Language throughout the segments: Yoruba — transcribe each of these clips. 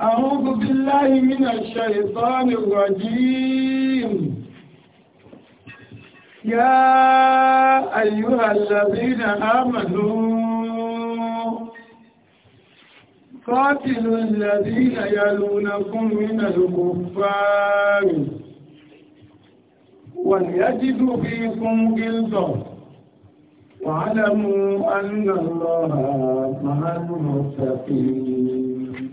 أعوذ بالله من الشيطان الرجيم يا أيها الذين آمنوا قاتلوا الذين يلونكم من الكفار وليجدوا فيكم جلدهم واعلموا أن الله مع المتقين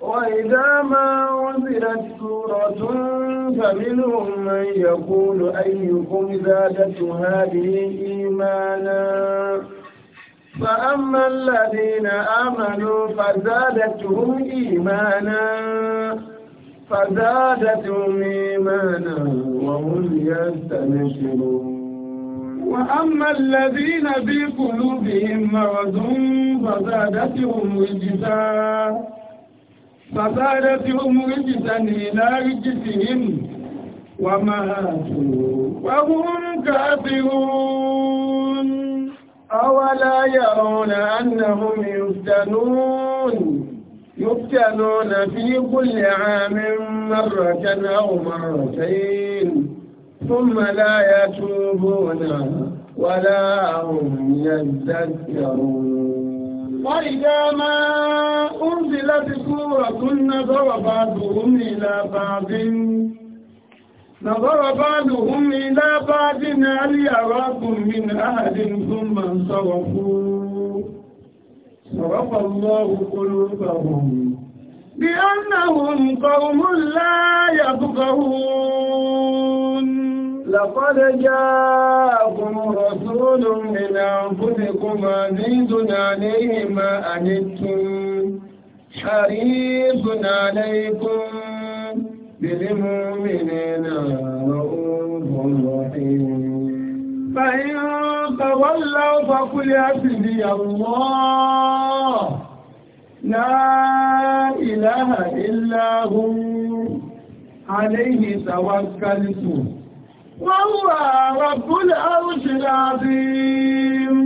وإذا ما عزلت سورة فمنهم من يقول أيكم زادت هذه إيمانا فأما الذين آمنوا فزادتهم إيمانا فزادتهم إيمانا وهم يستنشرون وأما الذين في قلوبهم مرض فزادتهم رجسا فزادتهم رجسا إلى رجسهم وماتوا وهم كافرون أولا يرون أنهم يفتنون يفتنون في كل عام مرة أو مرتين ثم لا يتوبون ولا هم يذكرون وإذا ما أنزلت سورة نظر بعضهم إلى بعض نظر بعضهم إلى بعض هل يراكم من أحد ثم انصرفوا صرف الله قلوبهم بأنهم قوم لا يفقهون لقد جاءكم رسول من أنفسكم عزيز عليه ما أنتم حريص عليكم بالمؤمنين رؤوف رحيم فإن تولوا فقل حسبي الله لا إله إلا هو عليه توكلت وهو رب العرش العظيم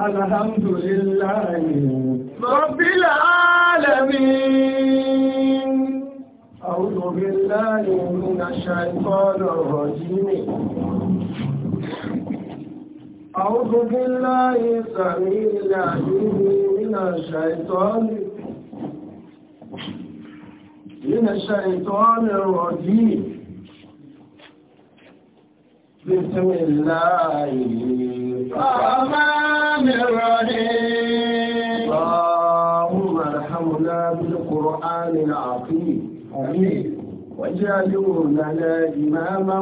الحمد لله رب العالمين أعوذ بالله من الشيطان الرجيم أعوذ بالله سميع العليم من الشيطان من الشيطان الرجيم بسم الله الرحمن الرحيم اللهم ارحمنا بالقرآن العظيم آمين واجعله لنا إماما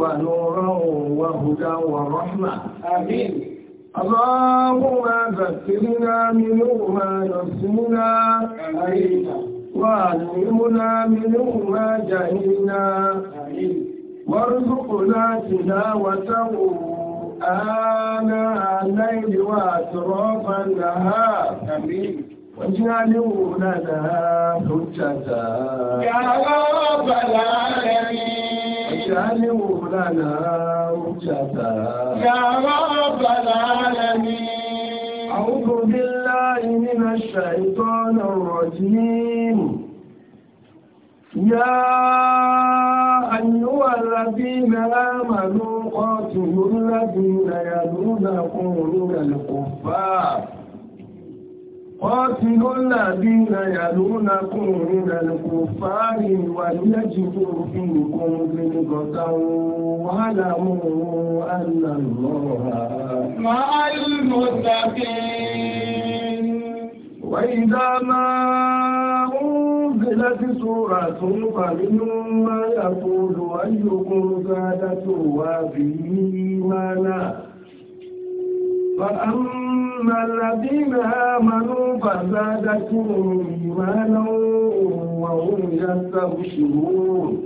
ونورا وهدى ورحمة آمين اللهم ذكرنا منه ما نسينا آمين وعلمنا منه ما جهلنا آمين وارزقنا تلاوته آناء الليل وأطراف النهار آمين واجعله لنا حجة يا رب العالمين واجعله لنا حجة يا رب العالمين أعوذ بالله من الشيطان الرجيم يا هو الذين آمنوا قاتلوا الذين يلونكم من الكفار قاتلوا الذين يلونكم من الكفار وليجدوا فيكم غلظة واعلموا أن الله مع المتقين وإذا ما أنزلت سورة فمما يقول أيكم زادته وفي إيمانا فأما الذين آمنوا فزادتهم إيمانا وهم يستبشرون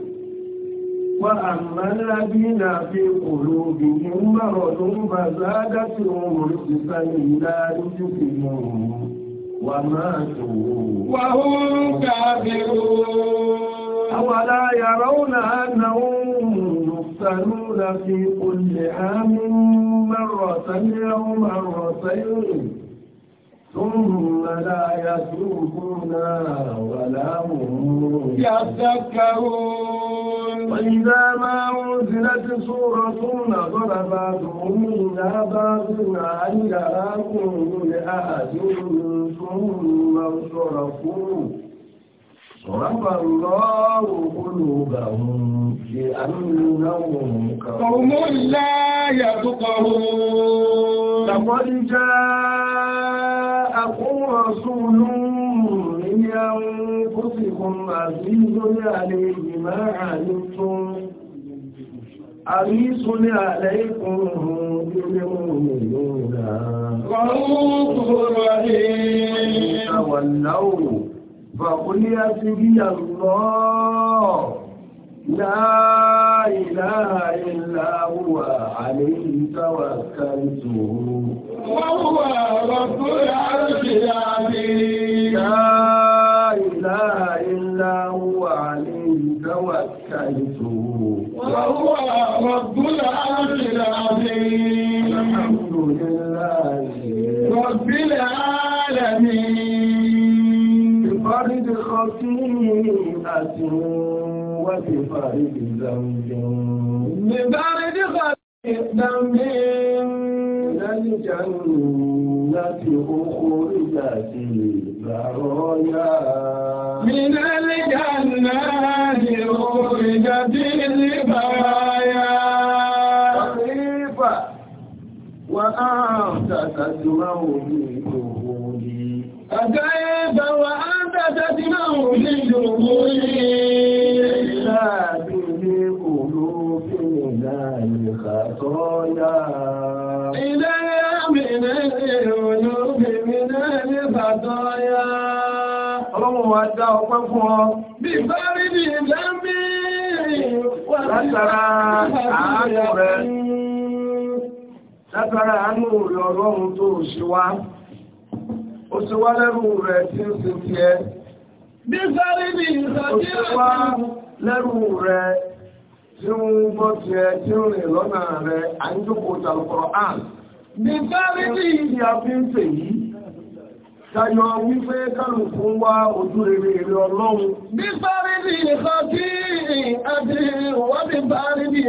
وأما الذين في قلوبهم مرض فزادتهم رجسا إلى رجسهم وماتوا وهم كافرون أولا يرون أنهم يفتنون في كل عام مرة أو مرتين ثم لا يتوبون ولا وَإِذَا مَا وإذا ما أنزلت سورة نظر بعضهم إلى بعض هل يراكم لأحد ثم انصرفوا صرف الله قلوبهم لأنهم قوم لا يفقهون لقد جاء جاءكم رسول من أنفسكم عزيز عليه ما عنتم حريص عليكم بالمؤمنون رؤوف رحيم تولوا فقل يسبي الله لا إله إلا هو عليه توكلت وهو رب العرش العظيم لا إله إلا هو عليه توكلت وهو رب العرش العظيم الحمد لله رب العالمين بفرد خطيئته وبفارق زوج ببارد خلق دم للجنة أخرجت البرايا من الجنة أخرجت البرايا وأعتقد موت ọlọ́run wa dá ọpẹ́ fún ọ. bí bẹ́ẹ̀rí ni lẹ́mí látara àánú rẹ látara àánú rẹ ọlọ́run tó ṣe wá ó lẹ́rù rẹ tí ó ṣe ti ẹ. bí bẹ́ẹ̀rí ni Tayọ wípé kánù fún wá ojú rere èrè ọlọ́run. Bí parí bí ìkọ́ tí àti wọ́n ti parí bí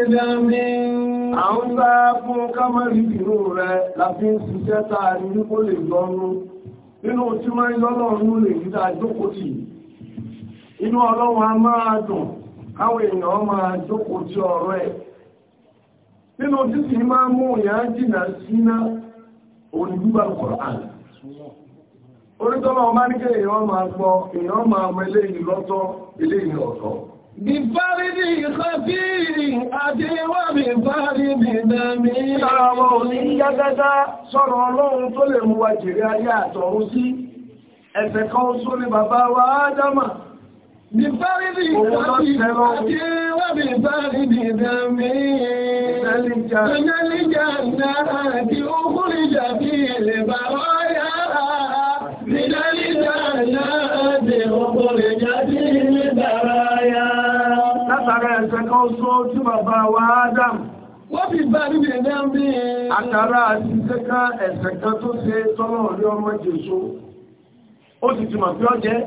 bá fún kámẹ́rì ìrò rẹ̀ láti ń ṣiṣẹ́ ta ní wípó lè lọ́nu. Nínú tí máa ń lọ́lọ́run lè dídá jókòtì. Inú ọlọ́run a máa dùn káwọn èèyàn máa jókòtì ọ̀rọ̀ ẹ̀. títí máa mú ìyá jìnà Orítọ́lọ́ ọmọ ní kí èèyàn máa gbọ́, èèyàn máa mọ eléyìí lọ́tọ̀, eléyìí ọ̀tọ̀. Bí fárídì ìkọ́bíìrì àti wà bí fárídì dàmí. Lára wọn ò ní yágádá sọ̀rọ̀ ọlọ́run tó lè mú wa jèrè ayé àtọ̀run sí. Ẹ̀ṣẹ̀ kan só ní bàbá wa Ádámà. Bí fárídì ìkọ́bíìrì àti wà bí fárídì dàmí. Ìjẹ́líjà. Ìjẹ́líjà náà àti ó kúrìjà bí ilẹ̀ bàbá. ọsọ tí bàbá wa Adam wọ́n fi bá níbi ẹ̀dá ń bí i. àti ìṣẹ́ká ẹ̀sẹ̀ kan tó ṣe tọ́lọ̀ rí ọmọ jésù ó sì ti mọ̀ pé jẹ́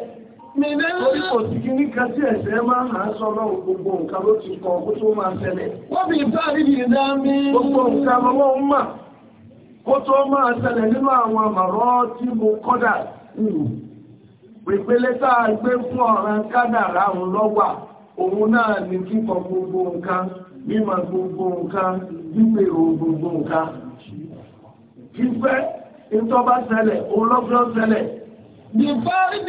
torí kò sí ní sọ lọ́wọ́ gbogbo nǹkan ló ti kọ kó máa ṣẹlẹ̀. wọ́n fi bá ẹ̀dá gbogbo nǹkan lọ́wọ́ ń mà kó tó máa ṣẹlẹ̀ nínú àwọn tí mo kọ́dà a gbé òun náà ni kíkọ gbogbo nǹkan mima gbogbo nǹkan gbígbèrò gbogbo nǹkan fífẹ́ ìtọ́bá ṣẹlẹ̀ olóògbọ́n ṣẹlẹ̀ bí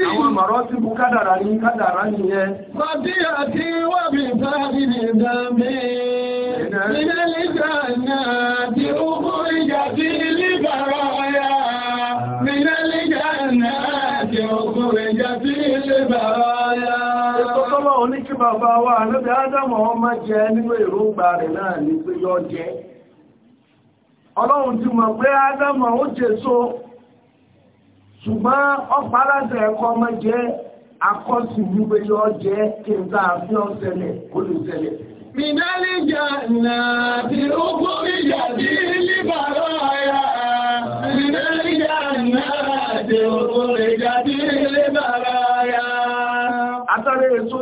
àwọn àmàrọ́ tí bú kádàrà ní kádàrà nìyẹn fàdí àti wà bí ádámọ̀ ọmọ jẹ nínú èròǹgbà rẹ̀ náà ní pé yọ jẹ ọlọ́run ti mọ̀ pé ádámọ̀ ó jèso ṣùgbọ́n ọ̀pá aláṣẹ ẹ̀kọ́ ọmọ jẹ akọ́sí wípé yọ jẹ kí n táà ọ̀sẹ̀lẹ̀ kó lè ṣẹlẹ̀. mìnálíjà náà ti ó kórìyà bí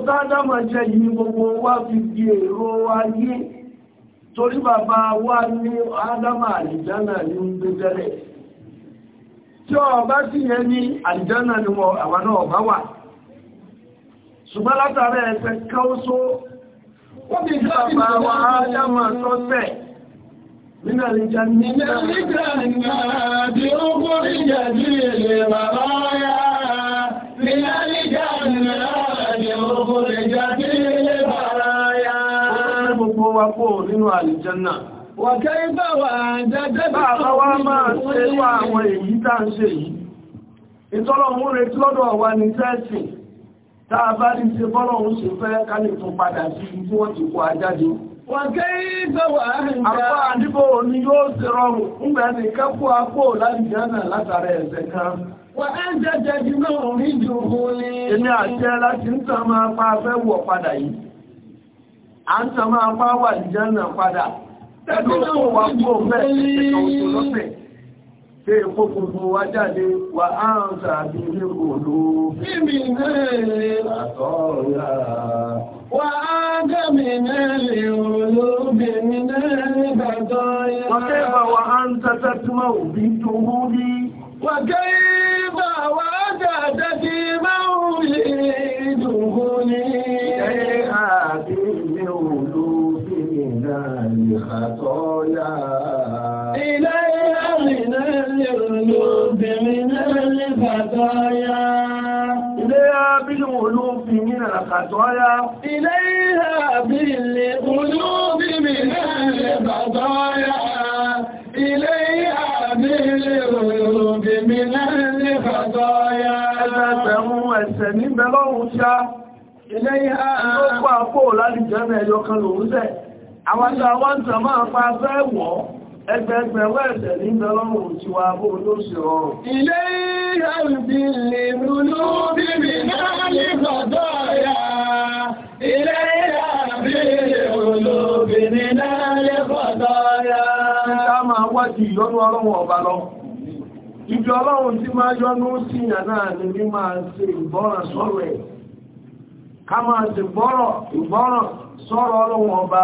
tádámà jẹ́ yìí gbogbo wa fi di èrò ayé torí bàbá wa ní ádámà àlìjánà ní ń gbé tẹ́lẹ̀ tí ọba sí yẹn ní àlìjánà ni wọ àwọn náà bá wà ṣùgbọ́n látàrí ẹsẹ̀ káóso wọ́n bí bàbá wa ádámà sọ́sẹ̀ من الجنة بأخرجت للمرايا من الجنة wá kó nínú àlìjẹ́nà wà kẹ́rí wà jẹ́jẹ́ bá máa ṣe wà àwọn èyí tá ń ṣe yìí ìtọ́lọ̀mú retí lọ́dọ̀ wà ní tẹ́ẹ̀sì táa bá ṣe ṣe fẹ́ kálì tún padà sí tí wọ́n ti kó ajáde wà láti ń tàn a ń sọ máa bá wà ìjánà padà tẹ́bí náà wà kó bẹ́ ẹ̀kọ́ òṣù lọ́sẹ̀ tí èkó gbogbo wá jáde wà á ń sàbí ní òòlò fíìmì náà lè àtọ́ọ̀lá wà á gẹ́mì náà lè òòlò bèmì náà lè bàtọ́ yá wà kẹ́ الخطايا إليها بالقلوب من الخطايا إليها بالقلوب من الخطايا إليها بالقلوب من الخطايا أتتهم السنين بلوشا إليها أقوى أقول لجنة يقلوزة أولا وانت ما فاسه ẹgbẹ̀ẹgbẹ̀wọ́ ẹ̀sẹ̀ nígbẹ̀ lọ́rùn tí wà bó ló ṣe rọrùn. Ilé ìrẹ́lùbí lè múlú bíbí náà ní gbọ́dọ̀ ya. Ilé ìrẹ́lùbí lè múlú bíbí náà ní gbọ́dọ̀ ya. Ká máa wá di ìyọ́nú ọlọ́run ọba lọ. Ibi ọlọ́run tí máa yọ́nú sí ìyàn náà ni máa ṣe ìgbọ́ràn sọ̀rọ̀ ẹ̀. Ká máa ṣe ìgbọ́ràn sọ̀rọ̀ ọlọ́run ọba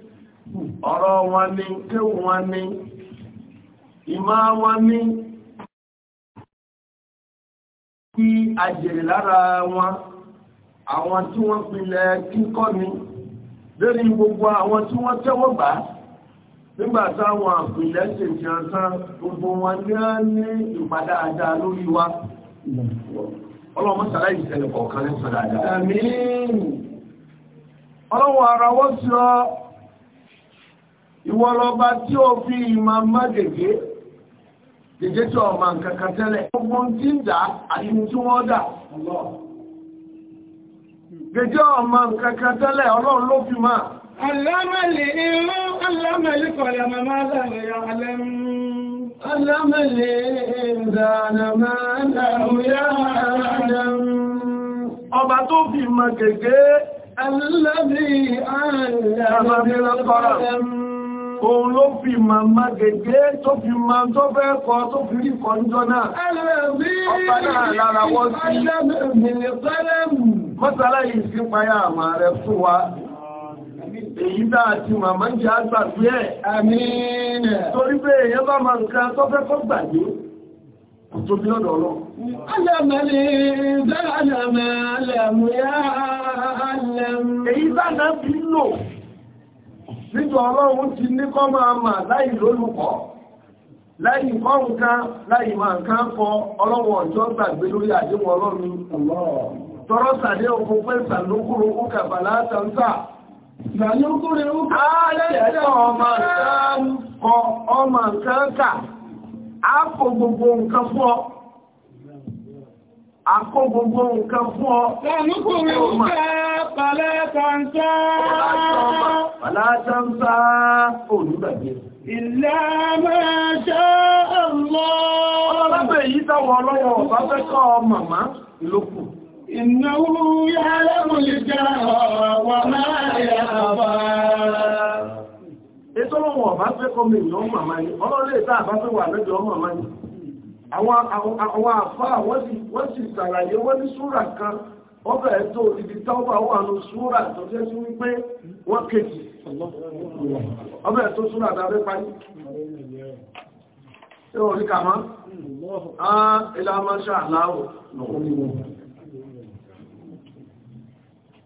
ọ̀rọ̀ wọn ni kéwù wọn ni ìmọ̀ wọn ni kí ajèrè lára wọn àwọn tí wọ́n pilẹ̀ kíkọ́ ni lórí gbogbo àwọn tí wọ́n tẹ́wọ́ gbà nígbà táwọn àpilẹ̀ ṣèjì gbogbo wọn ní á ní ìpadàdà lórí wa ìṣẹ̀lẹ̀ kọ̀ọ̀kan wọ́n ìwọlọba tí ó fi ìmọ̀ mọ́gègé gègé tí ọmọ nǹkan kan tẹ́lẹ̀ gbogbo tí ń dà àyíní tí wọ́n dà gègé ọmọ nǹkan kan tẹ́lẹ̀ ọlọ́run ló fi máa alámẹ́lì irú alámẹ́lì kọ̀lẹ̀ tó fi mọ̀ gègé alámẹ́lì àrẹ̀ àmàbílẹ̀ kọ̀lẹ̀ òun ló fi màmá gẹ̀gẹ́ tó fi ma tó fẹ́ kọ tó fi rí kọ níjọ náà ọ̀pá náà lára wọ́n sí mọ́sálá yìí sí èyí dáa màmá jẹ́ àgbàgbé ẹ̀ àmín torí pé èyàn bá ma nǹkan tó kọ́ gbàgbé tó bí ọ̀dọ̀ lọ. Alẹ́mẹ́lẹ́ ìdára alẹ́mẹ́ alẹ́mú yá níjọ ọlọ́run ti ní kọ́ máa mà láì lólùkọ́ láì kọ́ nǹkan láì máa nǹkan kọ ọlọ́run ọjọ́ gbàgbé lórí àdéhùn ọlọ́run tọrọ Àkó gbogbo nǹkan fún ọ. Lẹ́nukùnrin ń jẹ́ pàlátàntà. Pàlátàntà olùgbàgbé. Ìlà máa ṣá ọ̀lọ́. Ọlọ́pẹ̀ yìí táwọn ọlọ́wọ̀ bá fẹ́ kọ́ màmá ìlókù. Ìnáwó yára mú lè jẹ́ ọ̀wà máa yà bá. Ètò ọlọ́wọ̀ bá fẹ́ kọ́ mi ìlọ́ màmá yìí. Ọlọ́lẹ́ ìta àbáfẹ́ wà lẹ́jọ́ màmá yìí àwọn àfá wọ́n sì sàlàyé wọ́n ní súrà kan wọ́n bẹ̀rẹ̀ tó ibi tọ́wọ́ àwọn àrùn súrà tó jẹ́ sí wípé wọ́n kejì wọ́n bẹ̀rẹ̀ tó súrà dábẹ́ parí tí wọ́n rí kàmá àà ìlàmáṣà aláwọ̀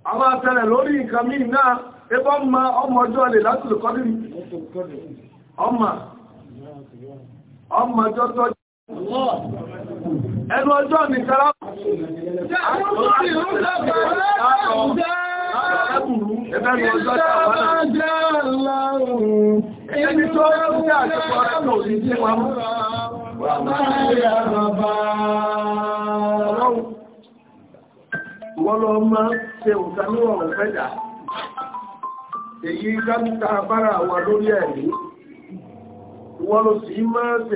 àwọn àtẹ́rẹ̀ lórí nǹkan mí náà ẹgbọ́ ma ọmọ ọjọ́ lè látìlù kọ́dìrì ọmọ ọmọ ọjọ́ tọ́ Ẹnu ọjọ́ mi sára Ẹni tó rẹ̀ ń gbà àti ọ̀rẹ́ lò ní tí wọ́n mú. Wọ́n máa ń yà bàbá. Wọ́n lọ máa ṣe òtàlú ọ̀rọ̀ fẹ́jà. Èyí káàkiri bára wà lórí ẹ̀rí. Wọ́n lọ sí máa ṣe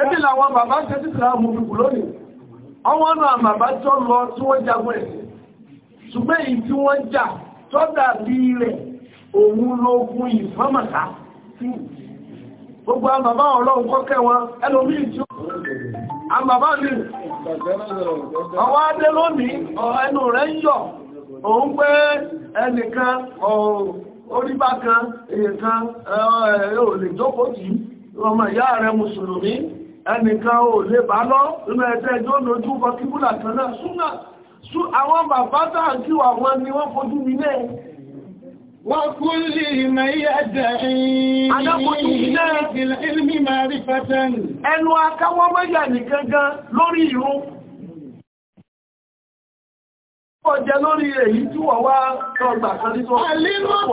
Ẹbí làwọn bàbá jẹ́ títà àmúgbùgbù lónìí. Ọwọ́n náà bàbá tó lọ tí wọ́n jagun ẹ̀sìn. Ṣùgbẹ́ èyí tí wọ́n jà tó dàbí rẹ̀ òun ló fún ìfọ́mọ̀ta. Gbogbo àbàbá ọlọ́run kọ́kẹ́ wọn, ẹlòmíì tí ó àbàbá mi. Ọwọ́ adé lónìí, ẹnu rẹ̀ ń yọ̀. Òun pé ẹnìkan oríbákan, èèkan, ẹ̀ ò lè ọmọ ìyá rẹ̀ Mùsùlùmí ẹnìkan ò lè bá lọ nínú ẹ̀tẹ́ ìjọ́ lójú kọkíbùlà kan náà súnà àwọn bàbá táà kí wà wọn ni wọ́n fojú mi lẹ́ Wàkúlì ìmọ̀ ìyàdà ìlmi máa rí fàtàn. Ẹnu akáwọ́ mẹ́yà ní gangan lórí ìrún. Ó jẹ lórí èyí tí wọ́n wá tọgbà kan ní tó ọ̀pọ̀. Àlímọ́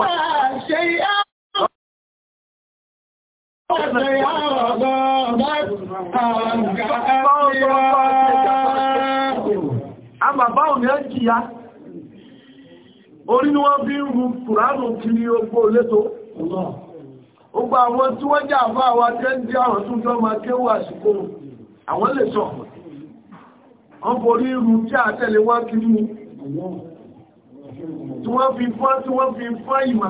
Àbàbá ò ní ẹjìyà, orí ni wọ́n bí ń rú Kùránù kiri ogbó létò. Ogbà àwọn tí wọ́n jẹ́ àbá àwọn akẹ́ndí àwọn jọ máa kéwò àwọn lè sọ. Wọ́n rú tí wá tí wọ́n fi fọ́ ìmọ̀